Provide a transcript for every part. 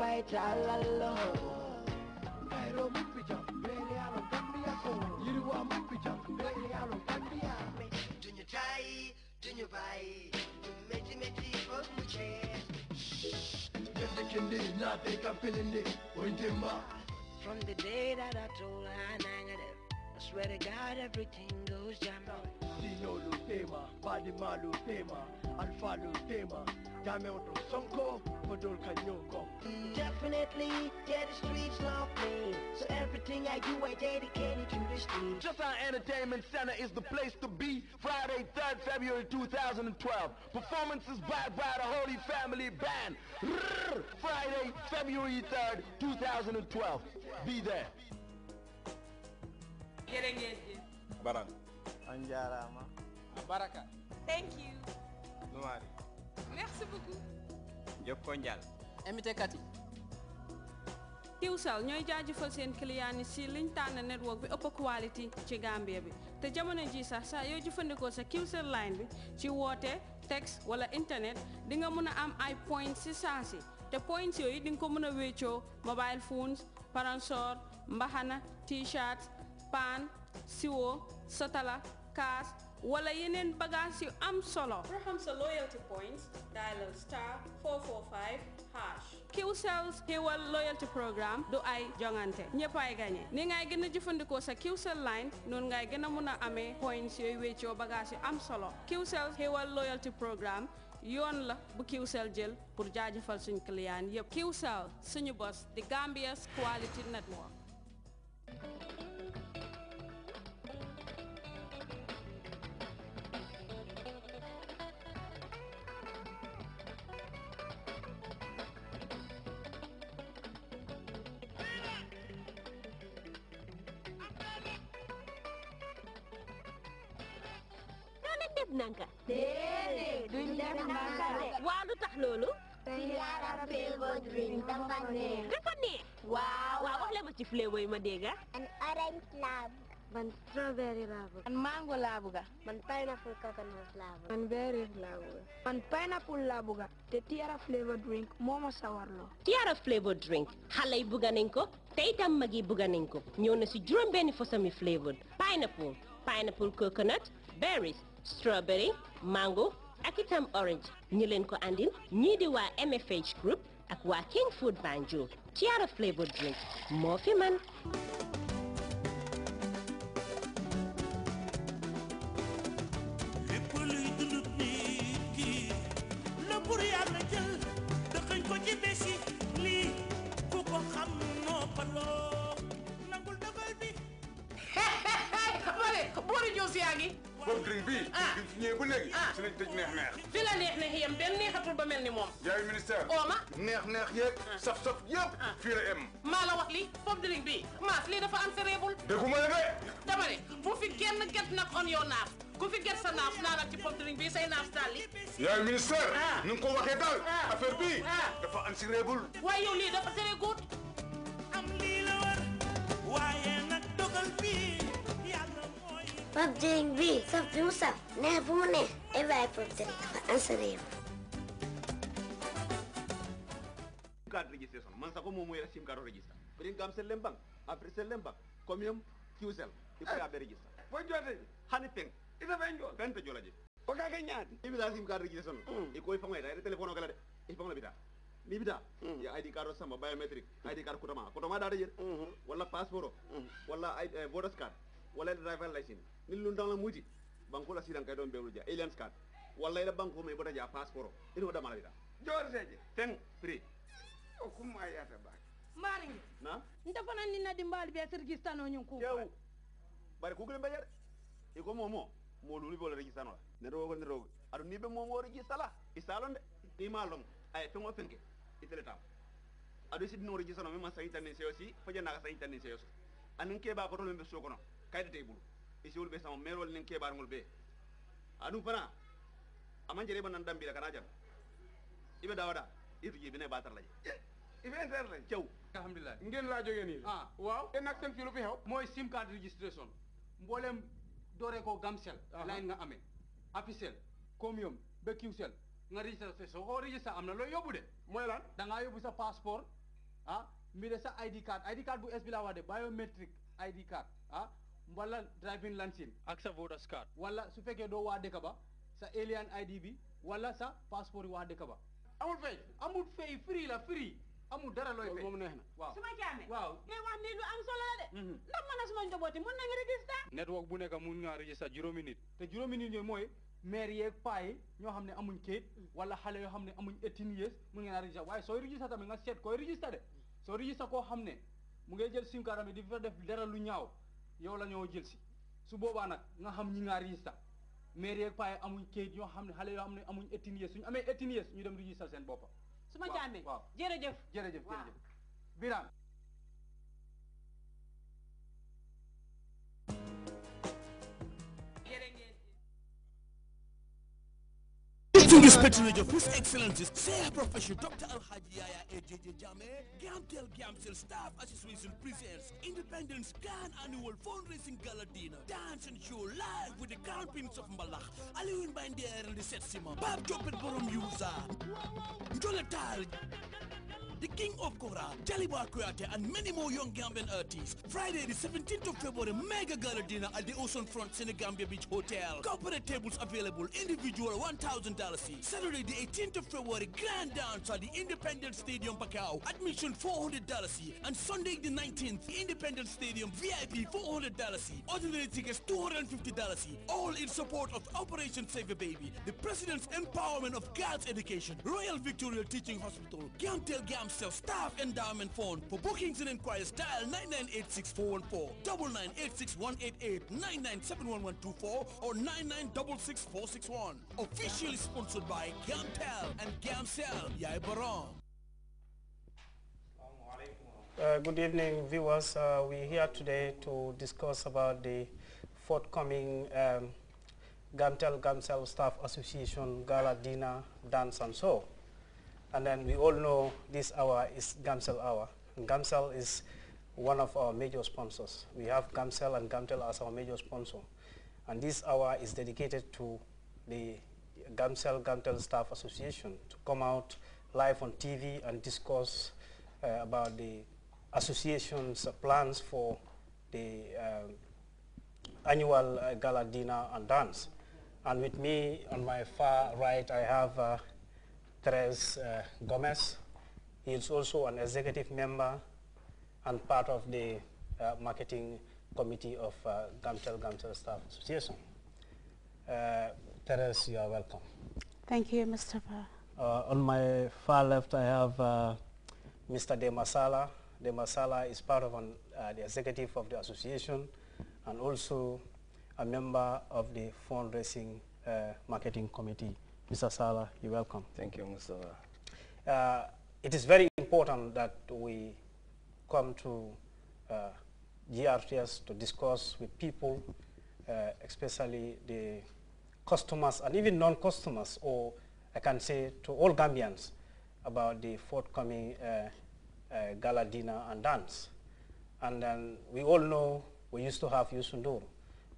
pai chalalo Nairo mumpija alo gambia ko Yiriwa alo gambia Tunyo tunyo bai Meti meti muche Kende kende From the day that I told her I Swear to God, everything goes jambo. Lino Lupema, Badima Lupema, Alpha Lupema, Dame Sonko, Podol Kanyoko. Definitely, yeah, the streets love me. So everything I do, I dedicated to the streets. Just our entertainment center is the place to be. Friday, 3rd February 2012. Performances by, by the Holy Family Band. Friday, February 3rd, 2012. Be there. jërë ngeen jëf. Baran. on ah, baraka. thank you. Noari. merci beaucoup. Jokko Njal. invité kat yi. Qcell ñooy jaajëfal seen client yi si liñ tànn network bi ëpp quality ci Gambia bi te jamono ji sax saa yoo jëfandikoo sa Qcell line bi ci woote texte wala internet di nga mën a am ay point si saasi te points yooyu di nga ko mën a wéecoo mobile phones paransor mbaxana t-shirt paan siwo sotala kaas wala yeneen bagage yu am solo. for sa loyalty points dialal star 445 hash. Qcells xéewal loyalty programme du ay jongante ñëppaay gañe ni ngay gën a jëfandikoo sa Qcell line noonu ngay gën a mun a amee points yooyu wéccoo bagage yu am solo Qcells xéewal loyalty programme yoon la bu Qcell jël pour jaajëfal suñ client yépp Qcell suñu bos di Gambia's Quality Network. def nanka déedéet duñ def nanka de lu tax loolu Tiara flavor drink dafa ma ci flavor yi ma dégg ah. an orange laa bëgg man mango laa buga man pineapple coconut laa bëgg man berry laa bëgg te Tiara flavor drink moo ma sawarloo Tiara flavor drink xale yi bëgg nañ ko te itam mag yi bëgg nañ ko ñëw na si juróom benn fosami flavor pineapple pineapple coconut berries strawberry mango ak itam orange ñi leen ko andil ñii di waa MFH group ak waa King Food Banjul Tiara flavour drink moo fi man bi contrine bi di fi ñëwee ba léegi su nañ tëj neex neex fi la neex neex yem benn neexatul ba mel ni moom jaay ministère ooma neex neex yeeg saf saf yëpp fii la em maa la wax li foofu drink bi maas lii dafa am sereebul dëgguma la de dama ne bu fi kenn get nag on yow naaf ku fi get sa naaf naanal ci pop drink bi say naaf daal li yaay ministère ni nga ko waxee daal affaire bi dafa am sereebul waaye yow lii dafa sereegut am lii la war waaye PUBG B صف وصف نهب ونه إبعي بطريقة أنسريم card registration man sa ko mom moy sim card register prin kam sel lembang afri sel lembang komium, qsel ipo ya be register bo jote hani peng ita ben jol ben to jolaje o ka ganyan ibi da sim card registration mm. e koy fangay da telephone kala de e fangla bita ni bita ya id mm. card sama biometric id card kutama kutama da de mm-hmm. wala passport mm. wala eh, voters card walla ida driver license nin luntala muti banko la sidan kay don bewlu ja aliens card walla ida banko mai bota ja passport ino da malida jor seje ten free o oh, kum ayata ba maringi na nta fana nin na dimbal be kirgistan o nyun ku yow bari ku gulen bayar e ko momo mo lulu bo la registan la ne do ko ne do adu ni be momo registala isalon de ni malom ay fe mo fenke itele tam adu sidno registano mi ma sayta ni seyosi faje na ka sayta ni seyosi anin ke ba ko to be so kaydete bulu isiwol be sama merol nin kebar ngol be anu pana aman jere banan dambi la kanajam ibe dawada itu jibi ne batar laji ibe enter laji ciow alhamdulillah ngeen la joge ni ah waw en ak tan fi fi xew moy sim card registration mbollem dore ko gamsel line nga amé officiel comium be qcell nga register so ko amna lo yobou de moy lan da nga yobou sa passeport ah mi sa id card id card bu es bi la wade biometric id card ah wala driving license ak sa voters card wala su fekkee doo waa dëkk ba sa alien ID bi wala sa passeport yi waa dëkk ba amul fay amul fay free la free amul dara looy fay moom neex na waaw su jaamee waaw ngay wax nii lu am solo la de mhm. ndax mën na suma bu nekk mun ngaa register juróomi nit te juróomi nit yooyu mooy maire yeeg paa ñoo xam ne amuñ kayit wala xale yoo xam ne amuñ eighteen years mun ngeen a register waaye sooy register tamit nga seet koy register de soo register koo xam ne mu ngay jël sim card bi di fa dara lu ñaaw yow la ñoo jël si su boobaa nag nga xam ñi ngaa register mairie ak paaye amuñ kayit yoo xam ne xale yoo xam ne amuñ ethnie suñu amee ethnie ñu dem register seen boppa su ma jaamee waaw jërëjëf jërëjëf jërëjëf Birame This patronage of His Excellencies, Sir profession, Dr. Al-Haji Yaya AJJ Jame, Gamtel Gamsel Staff Association presents Independence Grand Annual Fundraising Gala Dinner. Dance and show live with the Crown Prince of Malak, Aliwin Bandier and the Setsima, Bab Jopet Borom Yusa, Jolatal the King of Kora, Jaliba Kuyate, and many more young Gambian artists. Friday, the 17th of February, mega gala dinner at the Oceanfront Senegambia Beach Hotel. Corporate tables available, individual $1,000. Saturday, the 18th of February, grand dance at the Independent Stadium, Pacao. Admission $400. And Sunday, the 19th, Independent Stadium, VIP $400. Ordinary tickets $250. All in support of Operation Save a Baby, the President's Empowerment of Girls Education, Royal Victoria Teaching Hospital, Gamtel Gam yourself staff endowment fund. For bookings and inquiries, dial 9986414, 9986188, 9971124, or 9966461. Officially sponsored by Gamtel and Gamsel Yai Barong. Uh, good evening, viewers. Uh, we're here today to discuss about the forthcoming um, Gamtel Gamsel Staff Association Gala Dinner Dance and Show. And then we all know this hour is Gamcell hour. And Gamcell is one of our major sponsors. We have Gamcell and Gamtel as our major sponsor. And this hour is dedicated to the Gamcell Gamtel Staff Association to come out live on TV and discuss uh, about the association's plans for the um, annual uh, gala dinner and dance. And with me on my far right, I have uh, Therese uh, Gomez. He is also an executive member and part of the uh, marketing committee of uh, Gamtel Gamtel Staff Association. Uh, Therese, you are welcome. Thank you, Mr. Uh, on my far left, I have uh, Mr. Demasala. Demasala is part of an, uh, the executive of the association and also a member of the fundraising uh, marketing committee. Mr. Salah, you're welcome. Thank you, Mr. Uh, it is very important that we come to uh, GRTS to discuss with people, uh, especially the customers and even non-customers, or I can say to all Gambians, about the forthcoming uh, uh gala dinner and dance. And then we all know we used to have Yusundur,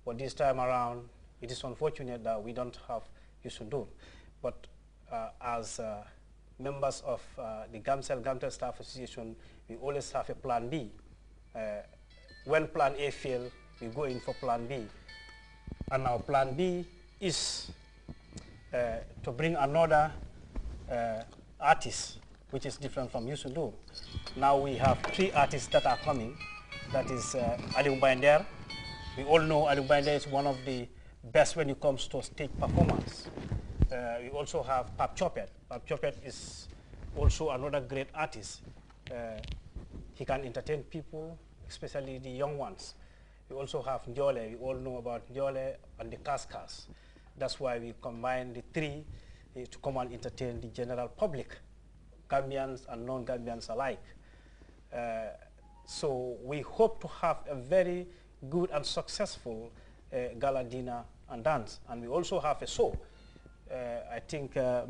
but this time around, it is unfortunate that we don't have Yusundur but uh, as uh, members of uh, the Gamsel Gamtel Staff Association, we always have a plan B. when plan A fails, we go in for plan B. And our plan B is to bring another artist, which is different from Yusundu. Now we have three artists that are coming. That is uh, Ali Mbander. We all know Ali Mbander is one of the best when it comes to stage performance. Uh, we also have Pap Chopet. Pap Chopet is also another great artist. Uh, he can entertain people, especially the young ones. We also have Njole. We all know about Njole and the Kaskas. That's why we combine the three uh, to come and entertain the general public, Gambians and non-Gambians alike. Uh, so we hope to have a very good and successful eh, gala dinner and dance. And we also have a show uh, I think uh,